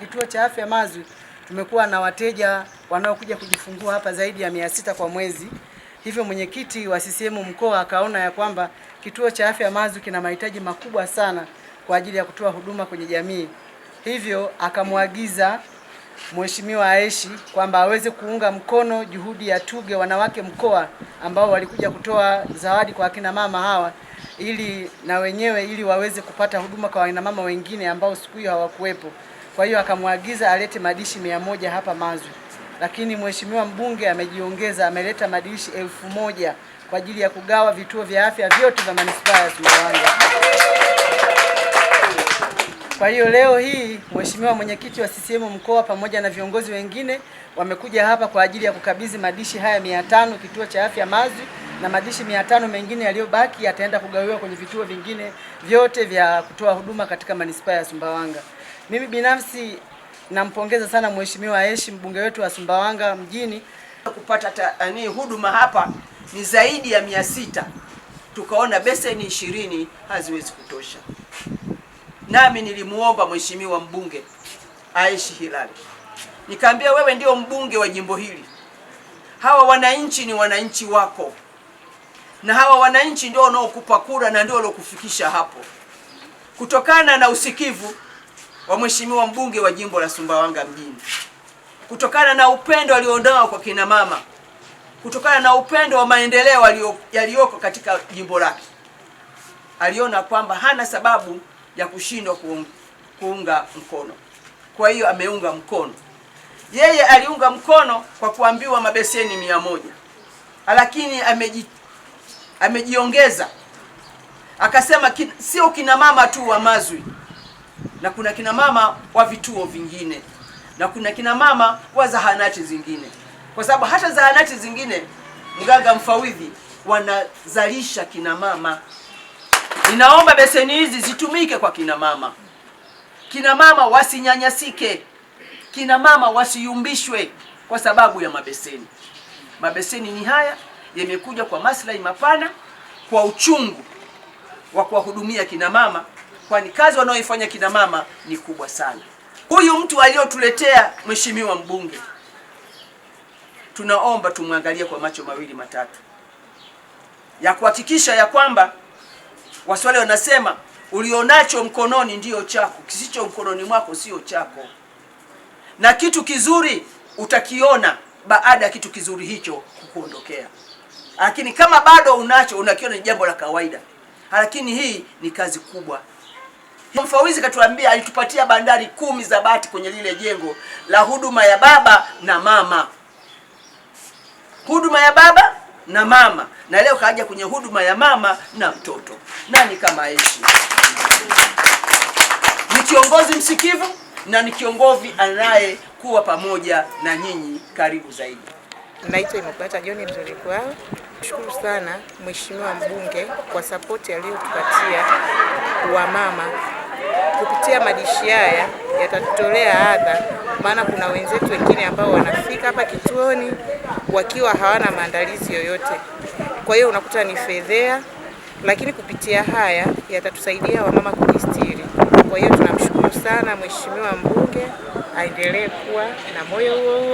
Kituo cha afya Mazwi tumekuwa na wateja wanaokuja kujifungua hapa zaidi ya mia sita kwa mwezi. Hivyo mwenyekiti wa CCM mkoa akaona ya kwamba kituo cha afya Mazwi kina mahitaji makubwa sana kwa ajili ya kutoa huduma kwenye jamii, hivyo akamwagiza Mheshimiwa Aeshi kwamba aweze kuunga mkono juhudi ya Tuge Wanawake Mkoa ambao walikuja kutoa zawadi kwa akina mama hawa ili na wenyewe ili waweze kupata huduma kwa akina mama wengine ambao siku hiyo hawakuwepo. Kwa hiyo akamwagiza alete madishi mia moja hapa Manzwi, lakini mheshimiwa mbunge amejiongeza, ameleta madishi elfu moja kwa ajili ya kugawa vituo vya afya vyote vya manispaa ya Sumbawanga. Kwa hiyo leo hii mheshimiwa mwenyekiti wa CCM mkoa pamoja na viongozi wengine wamekuja hapa kwa ajili ya kukabidhi madishi haya mia tano kituo cha afya mazwi na madishi mia tano mengine yaliyobaki yataenda kugawiwa kwenye vituo vingine vyote vya kutoa huduma katika manispaa ya Sumbawanga. Mimi binafsi nampongeza sana Mheshimiwa aeshi mbunge wetu wa Sumbawanga mjini kupata ni huduma hapa ni zaidi ya mia sita tukaona beseni ishirini haziwezi kutosha, nami nilimuomba Mheshimiwa mbunge Aishi Hilali nikaambia, wewe ndio mbunge wa jimbo hili, hawa wananchi ni wananchi wako, na hawa wananchi ndio wanaokupa kura na ndio waliokufikisha hapo. Kutokana na usikivu wa mheshimiwa mbunge wa jimbo la Sumbawanga mjini, kutokana na upendo alionao kwa kina mama, kutokana na upendo wa maendeleo yaliyoko katika jimbo lake, aliona kwamba hana sababu ya kushindwa kuunga mkono. Kwa hiyo ameunga mkono. Yeye aliunga mkono kwa kuambiwa mabeseni mia moja, lakini ameji, amejiongeza akasema kin, sio kina mama tu wa Mazwi na kuna kina mama wa vituo vingine na kuna kina mama wa zahanati zingine, kwa sababu hata zahanati zingine mganga mfawidhi wanazalisha kina mama. Ninaomba beseni hizi zitumike kwa kina mama. Kina mama wasinyanyasike, kina mama wasiyumbishwe kwa sababu ya mabeseni. Mabeseni ni haya yamekuja kwa maslahi mapana, kwa uchungu wa kuwahudumia kina mama kwani kazi wanaoifanya kina mama ni kubwa sana. Huyu mtu aliyotuletea mheshimiwa mbunge, tunaomba tumwangalie kwa macho mawili matatu ya kuhakikisha ya kwamba Waswahili wanasema ulionacho mkononi ndiyo chako, kisicho mkononi mwako sio chako. Na kitu kizuri utakiona baada ya kitu kizuri hicho kukuondokea, lakini kama bado unacho unakiona ni jambo la kawaida, lakini hii ni kazi kubwa Mfawizi katuambia alitupatia bandari kumi za bati kwenye lile jengo la huduma ya baba na mama, huduma ya baba na mama, na leo kaja kwenye huduma ya mama na mtoto. Nani kama Yesu? Ni kiongozi msikivu na ni kiongozi anayekuwa pamoja na nyinyi karibu zaidi. Naitwa Imepata John Mzuri kwao. Shukuru sana Mheshimiwa mbunge kwa sapoti aliyotupatia wa mama kupitia madishi haya yatatutolea adha, maana kuna wenzetu wengine ambao wanafika hapa kituoni wakiwa hawana maandalizi yoyote, kwa hiyo unakuta ni fedhea, lakini kupitia haya yatatusaidia wamama kujistiri. Kwa hiyo tunamshukuru sana Mheshimiwa mbunge, aendelee kuwa na moyo huo huo.